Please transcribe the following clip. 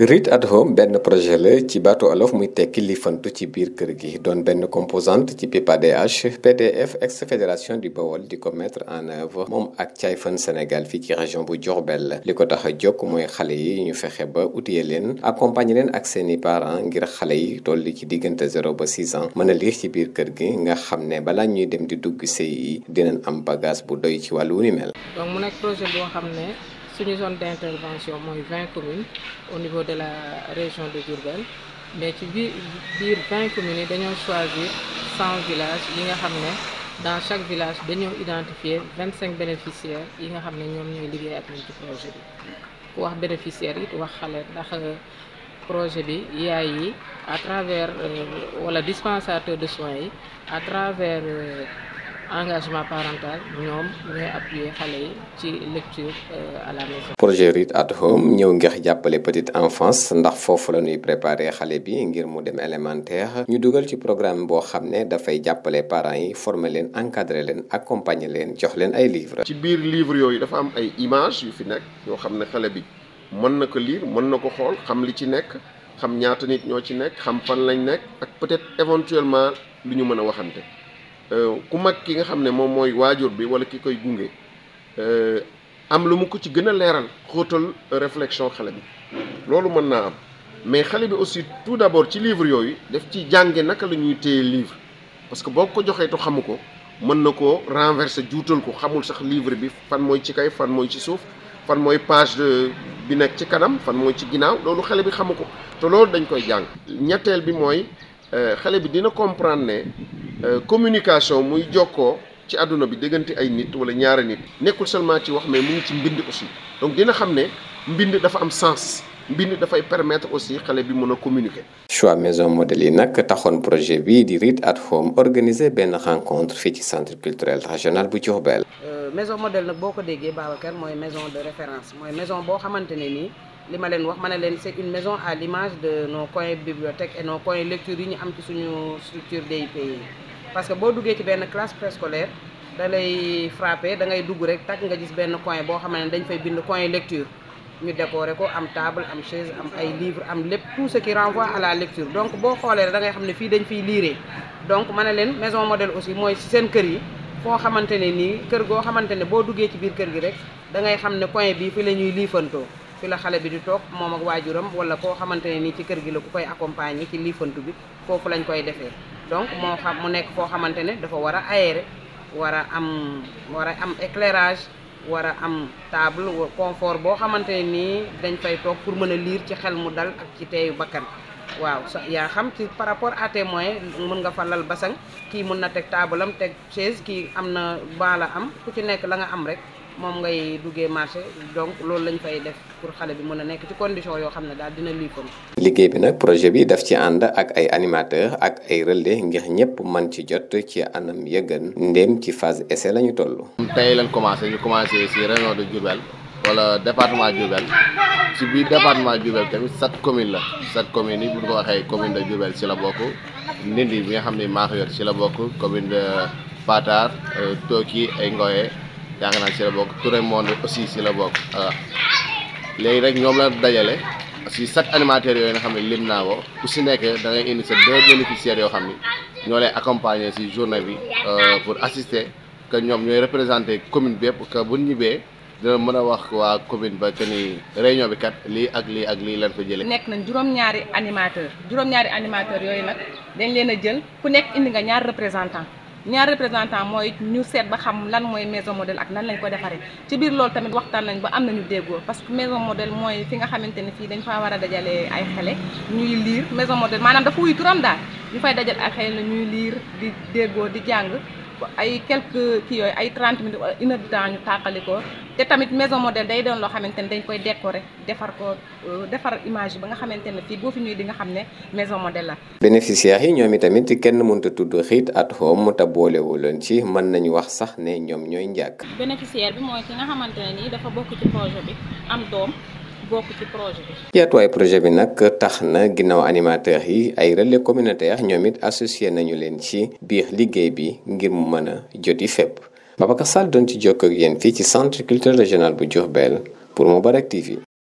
READ at Home ben projet la ci baatu olof muy tekki li fantu ci biir kër gi doon benn composante ci PPADH pdf ex fédération du Bawol di ko mettre en œuvre moom ak Cayfan Sénégal fii ci région bu Diourbel li ko tax a jóg mooy xale yi ñu fexe ba outiller leen accompagner leen ak seeni parents ngir xale yi toll ci diggante 0 ba 6 ans mën a liir ci biir kër gi nga xam ne balaa ñuy dem di dugg CI dinañ am bagage bu doy ci wàllu wu ni mel. donc mu nekk projet boo xam ne une zone d'intervention moins 20 communes au niveau de la région de durbel mais ci communes choisir 100 villages dans chaque village dañoo identifier 25 bénéficiaires il projet bénéficiaires euh, projet à travers euh, dispensateur de soins à travers euh, engagement parental ñoom ñooy appuyé xalé yi ci lecture euh, à la maison. projet Read at Home ñëw ngex jappalé petite enfance ndax fofu la ñuy préparer xalé bi ngir mu dem élémentaire ñu duggal ci programme bo xamné da fay jappalé parents yi former leen encadrer leen accompagner leen jox leen ay livres. ci biir livre yooyu dafa am ay images yu fi nek yo xamné xalé bi mën na ko lire mën na ko xool xam li ci nekk xam ñaata nit ñoo ci nekk xam fan lañ nekk ak peut-être éventuellement lu ñu mën a waxante. Euh, ku mag ki nga xam ne moom mooy waajur bi wala ki koy gunge euh, am lu mu ko ci gën a leeral xóotal réflexion xale bi loolu mën naa am mais xale bi aussi tout d'abord ci livre yooyu def ci jànge naka la ñuy téye livre parce que boo ko joxee tu xamu ko mën na ko renverser juutal ko xamul sax livre bi fan mooy ci kay fan mooy ci suuf fan mooy page bi nekk ci kanam fan mooy ci ginnaaw loolu xale bi xamu ko te loolu dañ koy jàng ñetteel bi mooy euh, xale bi dina comprendre Euh, communication muy joko ci aduna bi deugenti ay nit wala ñaara nit nekul seulement ci wax mais mu ngi ci mbind aussi donc dina xamné mbind dafa am sens mbind dafay permettre aussi xalé bi mëna communiquer. choix maison modèle yi nag taxoon projet bi di Read at Home organiser ben rencontre fi ci centre culturel régional bu Diourbel. Euh, maison modèle nak boko déggé Babacar moy maison de référence moy maison bo xamante ni nii li wax ma ne c'est une maison à l'image de nos coins bibliothèques et nos coins lecture yi ñu am ci suñu structure DIP parce que boo duggee ci benn classe préscolaire da lay frapper, da ngay dugg rek takk nga gis ben coin bo xam dañ fay bind coin lecture ñu décorer ko am table am chaise am ay livre am lepp tout ce qui renvoie à la lecture donc bo xolé da ngay xamné fi dañ fay lire. donc ma ne maison modèle aussi moy ci sen kër yi fo xamantene ni nii kër goo xamante ne boo ci biir kër gi rek da ngay xamné coin bi fi lañuy ñuy fi la xalé bi di tok mom ak wajuram wala ko xamantene ni ci kër gi la ku koy accompagner ci liifantu bi fofu lañ koy défé donc mo xam mu nek fo xamantene dafa wara aéré wara am wara am éclairage wara am table confort bo xamantene ni dañ fay tok pour meuna lire ci xel mu dal ak ci téyu bakkan waaw ya xam ci par rapport à tes moyens mën nga falal basang ki mën na tek table am tek chaise ki amna bala am ku ci nek la nga am moom ngay duggee marché donc loolu lañ fay def pour xale bi mën a nekk ci condition yoo xam ne daal dina lii kon liggéey bi nag projet bi daf ci ànd ak ay animateur ak ay relais ngir ñëpp man ci jot ci anam yëgën ndéem ci phase essai la ñu toll tey lañ commencé ñu commencé si région de Diourbel wala département Diourbel ci biir département Diourbel tamit sept commune la sept commune yi bu ñu ko waxee commune de Diourbel ci la bokk Ndindi bi nga xam ne maa yor ci la bokk commune de Patar euh, Toki ay Ngoye yaakaar naa si la bokk Touré aussi si la bokk waaw léegi rek ñoom la dajale si chaque animateur yooyu nga xam ne lim naa ko ku si nekk da ngay indi sa deux bénéficiaires yoo xam ni ñoo lay accompagner si journée bi euh, pour assister que ñoom ñooy représenter commune bi yëpp que bu ñibbee dina mën a wax waa commune ba que ni réunion bi kat lii ak lii ak lii lañ fa jëlee. nekk nañ juróom-ñaari animateur juróom-ñaari animateur yooyu nag dañ leen a jël ku nekk indi nga ñaari représentant ñaar représentant moy ñu sét ba xam lan moy maison modèle ak lan lañ ko défaré ci biir lool tamit waxtan nañ ba am nañu déggo parce que maison modèle moy fi nga xamanteni fi dañ fa wara dajalé ay xalé ñuy lire maison modèle manam dafa wuy turam daal ñu fay dajal ay xale ñuy lire di déggo di jang ay quelques kii yooyu ay 30 minutes wala temps ñu tàqali ko te tamit maison modèle day doon loo xamante ne dañ koy décorer defar ko euh, defar image ba nga xamante ne fii boo fi ñuy di nga xam ne maison modèle la. bénéficiaires yi ñoom itamit kenn mënut a tudd xiit at home te boolewu leen ci mën nañu wax sax ne ñoom ñooy njàkk. bénéficiaire bi mooy ki nga xamante ne nii dafa bokk ci projet bi am doom. bokk ci projet bi. yaatuwaay nag tax na ginnaaw animateurs yi ay relais communautaire ñoom it associé nañu leen ci biir liggéey bi ngir mu mën a joti fépp Babacar Sall doon ci jokk ak yéen fii ci centre culturel régional bu Diourbel pour Moubarak TV.